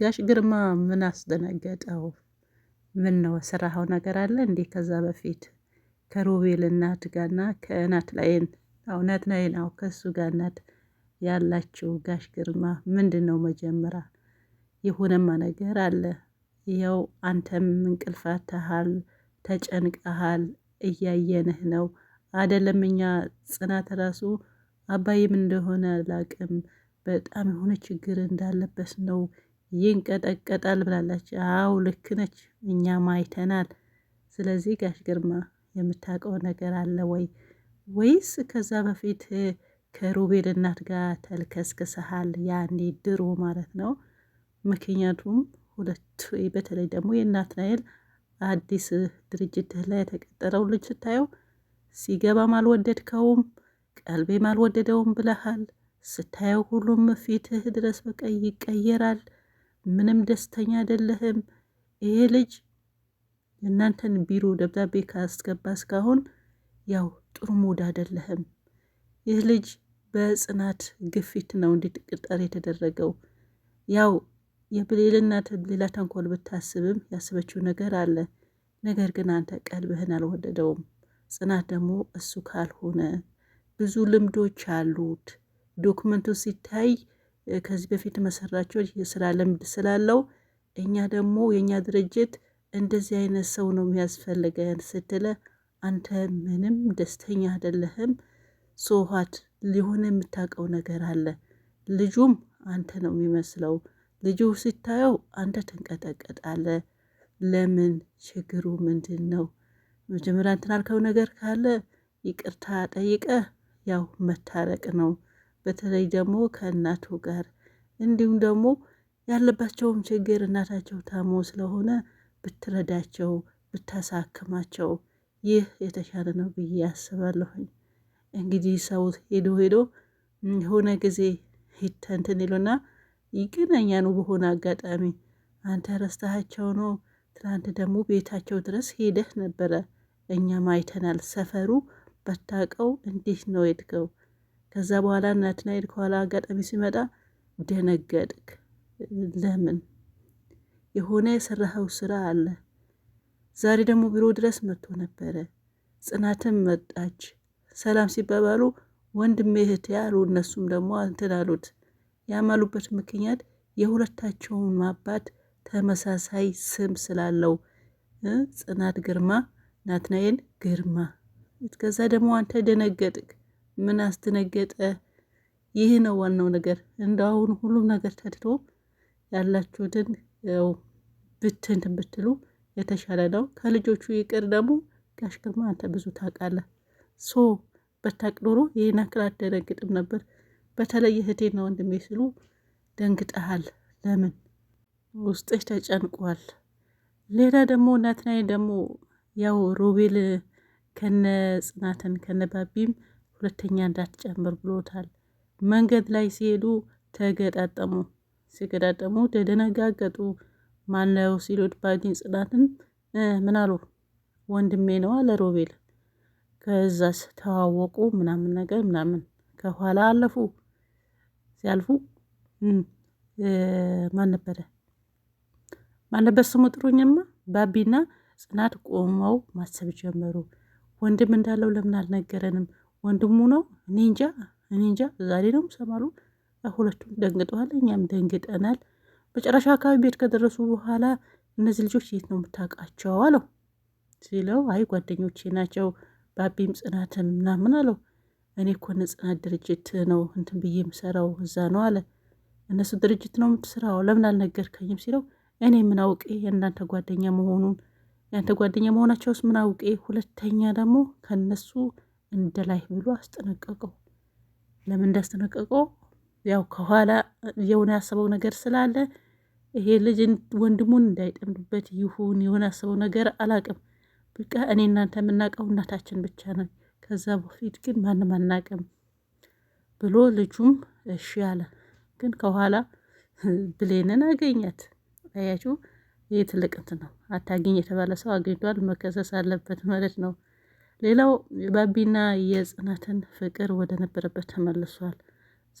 ጋሽ ግርማ ምን አስደነገጠው? ምን ነው ስራኸው ነገር አለ እንዴ? ከዛ በፊት ከሮቤል እናት ጋርና ከእናት ላይን እውነት ላይን አው ከሱ ጋር እናት ያላችሁ ጋሽ ግርማ ምንድን ነው መጀመሪያ የሆነማ ነገር አለ። ይኸው አንተም እንቅልፋተሃል፣ ተጨንቀሃል፣ እያየንህ ነው አደለም? እኛ ጽናት ራሱ አባይም እንደሆነ ላቅም በጣም የሆነ ችግር እንዳለበት ነው ይንቀጠቀጣል ብላለች። አው ልክ ነች፣ እኛም አይተናል። ስለዚህ ጋሽ ግርማ የምታውቀው ነገር አለ ወይ ወይስ ከዛ በፊት ከሩቤል እናት ጋር ተልከስክሰሃል? ያኔ ድሮ ማለት ነው። ምክንያቱም ሁለቱ በተለይ ደግሞ የእናት ናይል አዲስ ድርጅት ላይ የተቀጠረው ልጅ ስታየው ሲገባም አልወደድከውም፣ ቀልቤም አልወደደውም ብለሃል። ስታየው ሁሉም ፊትህ ድረስ በቀይ ይቀየራል። ምንም ደስተኛ አይደለህም። ይሄ ልጅ እናንተን ቢሮ ደብዳቤ ካስገባ እስካሁን ያው ጥሩ ሙድ አይደለህም። ይህ ልጅ በጽናት ግፊት ነው እንዲቅጠር የተደረገው። ያው የብሌልና ሌላ ተንኮል ብታስብም ያስበችው ነገር አለ። ነገር ግን አንተ ቀልብህን አልወደደውም። ጽናት ደግሞ እሱ ካልሆነ ብዙ ልምዶች አሉት። ዶክመንቱ ሲታይ ከዚህ በፊት መሰራቸው የስራ ልምድ ስላለው እኛ ደግሞ የእኛ ድርጅት እንደዚህ አይነት ሰው ነው የሚያስፈልገን ስትለ አንተ ምንም ደስተኛ አይደለህም። ሶሀት ሊሆን የምታውቀው ነገር አለ። ልጁም አንተ ነው የሚመስለው። ልጁ ሲታየው አንተ ትንቀጠቀጣለ። ለምን? ችግሩ ምንድን ነው? መጀመሪያ እንትን አልከው ነገር ካለ ይቅርታ ጠይቀ ያው መታረቅ ነው። በተለይ ደግሞ ከእናቱ ጋር እንዲሁም ደግሞ ያለባቸውም ችግር እናታቸው ታሞ ስለሆነ ብትረዳቸው ብታሳክማቸው ይህ የተሻለ ነው ብዬ አስባለሁኝ። እንግዲህ ሰው ሄዶ ሄዶ የሆነ ጊዜ ሂተንትን ይሉና ይገናኛሉ። በሆነ አጋጣሚ አንተ ረስተሃቸው ነው፣ ትናንት ደግሞ ቤታቸው ድረስ ሄደህ ነበረ፣ እኛም አይተናል፣ ሰፈሩ በታቀው እንዲህ ነው የድገው ከዛ በኋላ ናትናኤል ከኋላ አጋጣሚ ሲመጣ ደነገጥክ። ለምን? የሆነ የሰራኸው ስራ አለ። ዛሬ ደግሞ ቢሮ ድረስ መጥቶ ነበረ። ጽናትም መጣች። ሰላም ሲባባሉ ወንድ እህቴ ያሉ እነሱም ደግሞ እንትን አሉት። ያማሉበት ምክንያት የሁለታቸውን አባት ተመሳሳይ ስም ስላለው ጽናት ግርማ፣ ናትናኤል ግርማ። ከዛ ደግሞ አንተ ደነገጥክ። ምን አስደነገጠ? ይህ ነው ዋናው ነገር። እንደ ሁሉም ነገር ተድቶ ያላችሁትን ያው ብትን ብትሉ የተሻለ ነው። ከልጆቹ ይቅር ደግሞ ጋሽ ግርማ አንተ ብዙ ታውቃለህ። ሶ በታቅ ኖሮ ይህን ያክል አደነግጥም ነበር። በተለይ ነው ወንድሜ ስሉ ደንግጠሃል። ለምን ውስጥሽ ተጨንቋል። ሌላ ደግሞ ናትናይ ደግሞ ያው ሮቤል ከነ ጽናትን ከነ ባቢም ሁለተኛ እንዳትጨምር ብሎታል። መንገድ ላይ ሲሄዱ ተገጣጠሙ። ሲገጣጠሙ ተደነጋገጡ። ማነው ሲሉት ባዲን ጽናትን ምን አሉ? ወንድሜ ነው አለ ሮቤል። ከዛስ ተዋወቁ ምናምን ነገር ምናምን ከኋላ አለፉ። ሲያልፉ ማን ነበረ ማን ነበር ስሙ ጥሩኝማ። ባቢና ጽናት ቆመው ማሰብ ጀመሩ። ወንድም እንዳለው ለምን አልነገረንም? ወንድሙ ነው። እኔ እንጃ እኔ እንጃ። ዛሬ ነው ሰማሉ። ሁለቱም ደንግጠዋል፣ እኛም ደንግጠናል። መጨረሻ አካባቢ ቤት ከደረሱ በኋላ እነዚህ ልጆች የት ነው የምታውቃቸው አለው ሲለው፣ አይ ጓደኞቼ ናቸው ባቢም ጽናትን ምናምን አለው። እኔ እኮ ጽናት ድርጅት ነው እንትን ብዬ የምሰራው እዛ ነው አለ። እነሱ ድርጅት ነው የምትሰራው ለምን አልነገርከኝም ሲለው፣ እኔ ምን አውቄ የእናንተ ጓደኛ መሆኑን ያንተ ጓደኛ መሆናቸውስ ምን አውቄ። ሁለተኛ ደግሞ ከነሱ እንደ ላይ ብሎ አስጠነቀቀው። ለምን እንዳስጠነቀቀው ያው ከኋላ የሆነ ያሰበው ነገር ስላለ ይሄ ልጅ ወንድሙን እንዳይጠምድበት ይሁን የሆነ ያሰበው ነገር አላቅም። በቃ እኔ እናንተ የምናውቀው እናታችን ብቻ ነው። ከዛ በፊት ግን ማንም አናቅም ብሎ ልጁም እሺ አለ። ግን ከኋላ ብሌንን አገኛት። አያችሁ፣ ይህ ትልቅ እንትን ነው። አታገኝ የተባለ ሰው አግኝቷል፣ መከሰስ አለበት ማለት ነው። ሌላው ባቢና የጽናትን ፍቅር ወደ ነበረበት ተመልሷል።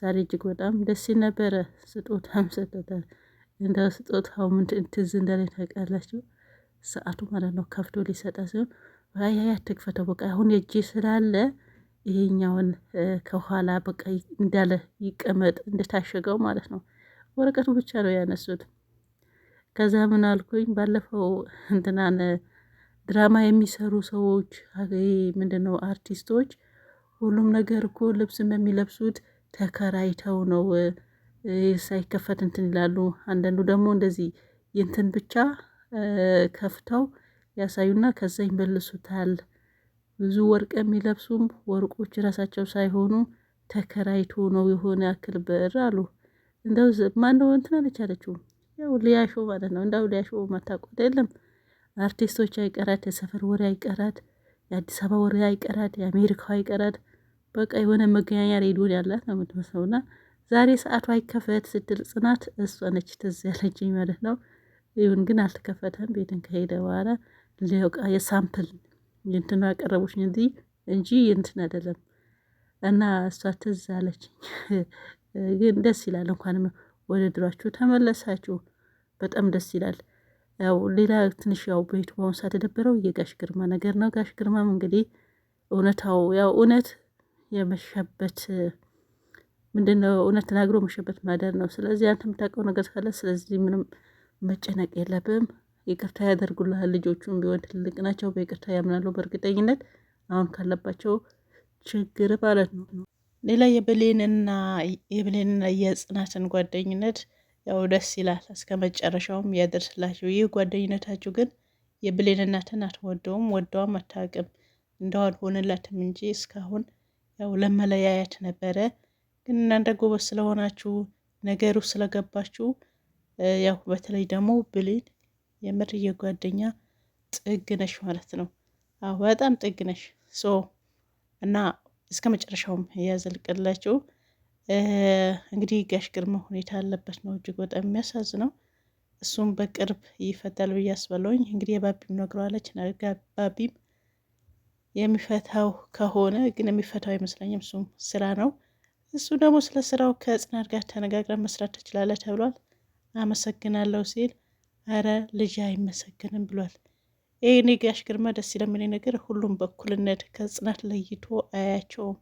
ዛሬ እጅግ በጣም ደስ ነበረ። ስጦታም ሰጠታል። እንደ ስጦታው ምንድን ትዝ እንደላይ ታውቃላችሁ? ሰዓቱ ማለት ነው። ከፍቶ ሊሰጣ ሲሆን ያ አትክፈተው፣ በቃ አሁን የእጅ ስላለ ይሄኛውን ከኋላ በቃ እንዳለ ይቀመጥ እንደታሸገው ማለት ነው። ወረቀቱ ብቻ ነው ያነሱት። ከዛ ምን አልኩኝ ባለፈው እንትናን ድራማ የሚሰሩ ሰዎች ምንድነው አርቲስቶች፣ ሁሉም ነገር እኮ ልብስም የሚለብሱት ተከራይተው ነው። ሳይከፈት እንትን ይላሉ። አንዳንዱ ደግሞ እንደዚህ ይንትን ብቻ ከፍተው ያሳዩና ከዛ ይመልሱታል። ብዙ ወርቅ የሚለብሱም ወርቆች ራሳቸው ሳይሆኑ ተከራይቶ ነው የሆነ ያክል ብር አሉ። እንደው ማነው እንትን አለች አለችው ያው ሊያሾ ማለት ነው። እንደው ሊያሾ ማታውቁት የለም አርቲስቶች አይቀራት፣ የሰፈር ወሬ አይቀራት፣ የአዲስ አበባ ወሬ አይቀራት፣ የአሜሪካው አይቀራት። በቃ የሆነ መገናኛ ሬዲዮን ያላት ነው የምትመስለው። እና ዛሬ ሰዓቱ አይከፈት ስትል ጽናት እሷ ነች ትዝ ያለችኝ ማለት ነው። ይሁን ግን አልተከፈተም። ቤትን ከሄደ በኋላ ሊያውቃ የሳምፕል እንትኑ ያቀረቦች እንጂ እንጂ እንትን አይደለም። እና እሷ ትዝ አለችኝ። ግን ደስ ይላል። እንኳንም ወደ ድሯችሁ ተመለሳችሁ። በጣም ደስ ይላል። ያው ሌላ ትንሽ ያው ቤቱ በአሁኑ ሰዓት የደበረው የጋሽ ግርማ ነገር ነው። ጋሽ ግርማም እንግዲህ እውነታው ያው እውነት የመሸበት ምንድነው እውነት ተናግሮ መሸበት ማደር ነው። ስለዚህ አንተ የምታውቀው ነገር ካለ ስለዚህ ምንም መጨነቅ የለብም፣ ይቅርታ ያደርጉልሃል። ልጆቹም ቢሆን ትልቅ ናቸው፣ በይቅርታ ያምናሉ በእርግጠኝነት አሁን ካለባቸው ችግር ማለት ነው። ሌላ የብሌንና የብሌንና የጽናትን ጓደኝነት ያው ደስ ይላል። እስከ መጨረሻውም ያደርስላችሁ። ይህ ጓደኝነታችሁ ግን የብሌንናትን አትወደውም፣ ወደዋም አታውቅም። እንደው አልሆነላትም እንጂ እስካሁን ያው ለመለያየት ነበረ። ግን እናንተ ጎበዝ ስለሆናችሁ ነገሩ ስለገባችሁ፣ ያው በተለይ ደግሞ ብሌን የምር የጓደኛ ጥግ ነሽ ማለት ነው። አዎ በጣም ጥግ ነሽ። ሶ እና እስከ መጨረሻውም ያዘልቅላችሁ። እንግዲህ ጋሽ ግርማ ሁኔታ ያለበት ነው እጅግ በጣም የሚያሳዝነው። እሱም በቅርብ ይፈታል ብዬ አስባለሁኝ። እንግዲህ የባቢም ነግረዋለች። ባቢም የሚፈታው ከሆነ ግን የሚፈታው አይመስለኝም። እሱም ስራ ነው። እሱ ደግሞ ስለ ስራው ከጽናት ጋር ተነጋግረን መስራት ትችላለህ ተብሏል። አመሰግናለሁ ሲል አረ ልጅ አይመሰግንም ብሏል። ይህ ጋሽ ግርማ ደስ ይለምን ነገር ሁሉም በኩልነት ከጽናት ለይቶ አያቸውም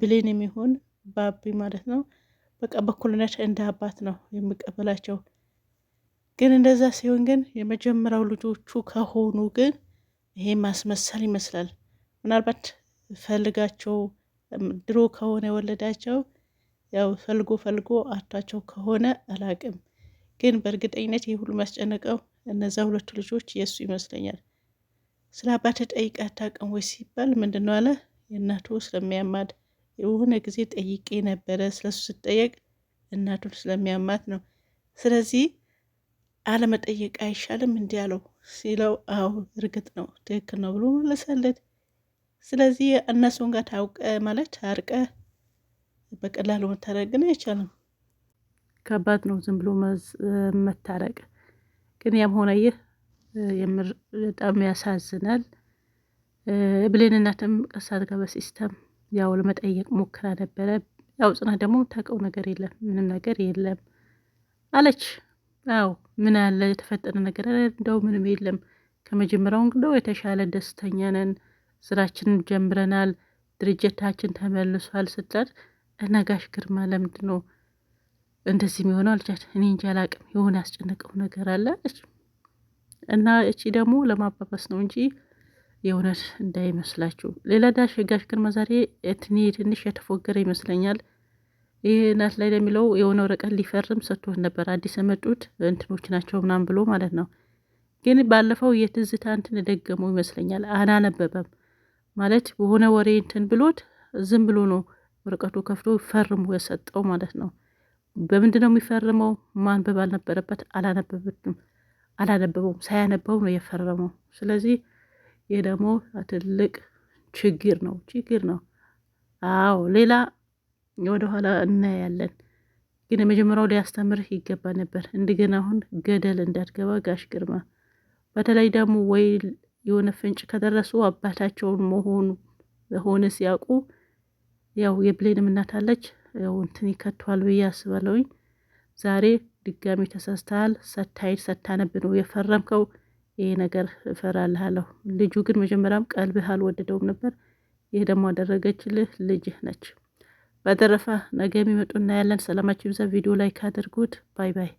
ብልን የሚሆን ባቢ ማለት ነው። በቃ በኩልነት እንደ አባት ነው የሚቀበላቸው። ግን እንደዛ ሲሆን ግን የመጀመሪያው ልጆቹ ከሆኑ ግን ይሄ ማስመሰል ይመስላል። ምናልባት ፈልጋቸው ድሮ ከሆነ የወለዳቸው ያው ፈልጎ ፈልጎ አቷቸው ከሆነ አላቅም። ግን በእርግጠኝነት ይህ ሁሉ የሚያስጨንቀው እነዛ ሁለቱ ልጆች የእሱ ይመስለኛል። ስለ አባት ጠይቃ አታውቅም ወይ ሲባል ምንድን ነው አለ የእናቱ ስለሚያማድ የሆነ ጊዜ ጠይቄ ነበረ። ስለሱ ስጠየቅ እናቱን ስለሚያማት ነው። ስለዚህ አለመጠየቅ አይሻልም እንዲህ አለው ሲለው፣ አዎ እርግጥ ነው ትክክል ነው ብሎ መለሰለት። ስለዚህ እነሱን ጋር ታውቀ ማለት አርቀ በቀላሉ መታረቅ ግን አይቻልም፣ ከባድ ነው ዝም ብሎ መታረቅ። ግን ያም ሆነ ይህ የምር በጣም ያሳዝናል። ብሌን እናትም ቀሳት ጋር በሲስተም ያው ለመጠየቅ ሞክራ ነበረ። ያው ጽናት ደግሞ የምታውቀው ነገር የለም ምንም ነገር የለም አለች። አዎ ምን አለ የተፈጠረ ነገር እንደው ምንም የለም። ከመጀመሪያው እንግዲህ የተሻለ ደስተኛ ነን፣ ስራችን ጀምረናል፣ ድርጅታችን ተመልሷል ስትላት ነጋሽ ግርማ ለምንድን ነው እንደዚህ የሚሆነው አልቻት። እኔ እንጂ አላቅም የሆነ ያስጨነቀው ነገር አለ አለች። እና እቺ ደግሞ ለማባባስ ነው እንጂ የእውነት እንዳይመስላችሁ። ሌላ ዳሽ ጋሽ ግን መዛሬ ትኒ ትንሽ የተፎገረ ይመስለኛል። ይህ ናት ላይ ለሚለው የሆነ ወረቀት ሊፈርም ሰጥቶት ነበር። አዲስ የመጡት እንትኖች ናቸው ምናምን ብሎ ማለት ነው። ግን ባለፈው የትዝታ እንትን ደገሙ ይመስለኛል። አላነበበም ማለት በሆነ ወሬ እንትን ብሎት ዝም ብሎ ነው ወረቀቱ ከፍቶ ፈርሙ የሰጠው ማለት ነው። በምንድን ነው የሚፈርመው? ማንበብ አልነበረበት። አላነበበትም፣ አላነበበውም። ሳያነበው ነው የፈረመው። ስለዚህ ይህ ደግሞ ትልቅ ችግር ነው፣ ችግር ነው። አዎ ሌላ ወደኋላ እናያለን። ግን የመጀመሪያው ሊያስተምርህ ይገባ ነበር። እንደገና አሁን ገደል እንዳትገባ ጋሽ ግርማ። በተለይ ደግሞ ወይ የሆነ ፍንጭ ከደረሱ አባታቸውን መሆኑ ሆነ ሲያውቁ ያው የብሌንም እናት አለች ያው እንትን ይከቷል ብዬ አስባለሁኝ። ዛሬ ድጋሚ ተሳስተሃል። ሰታይድ ሰታነብ ነው የፈረምከው። ይሄ ነገር እፈራልሃለሁ። ልጁ ግን መጀመሪያም ቀልብህ አልወደደውም ነበር። ይሄ ደግሞ አደረገችልህ ልጅህ ነች። በተረፈ ነገ የሚመጡ እናያለን። ሰላማችሁ ይብዛ። ቪዲዮ ላይ ካደርጉት ባይ ባይ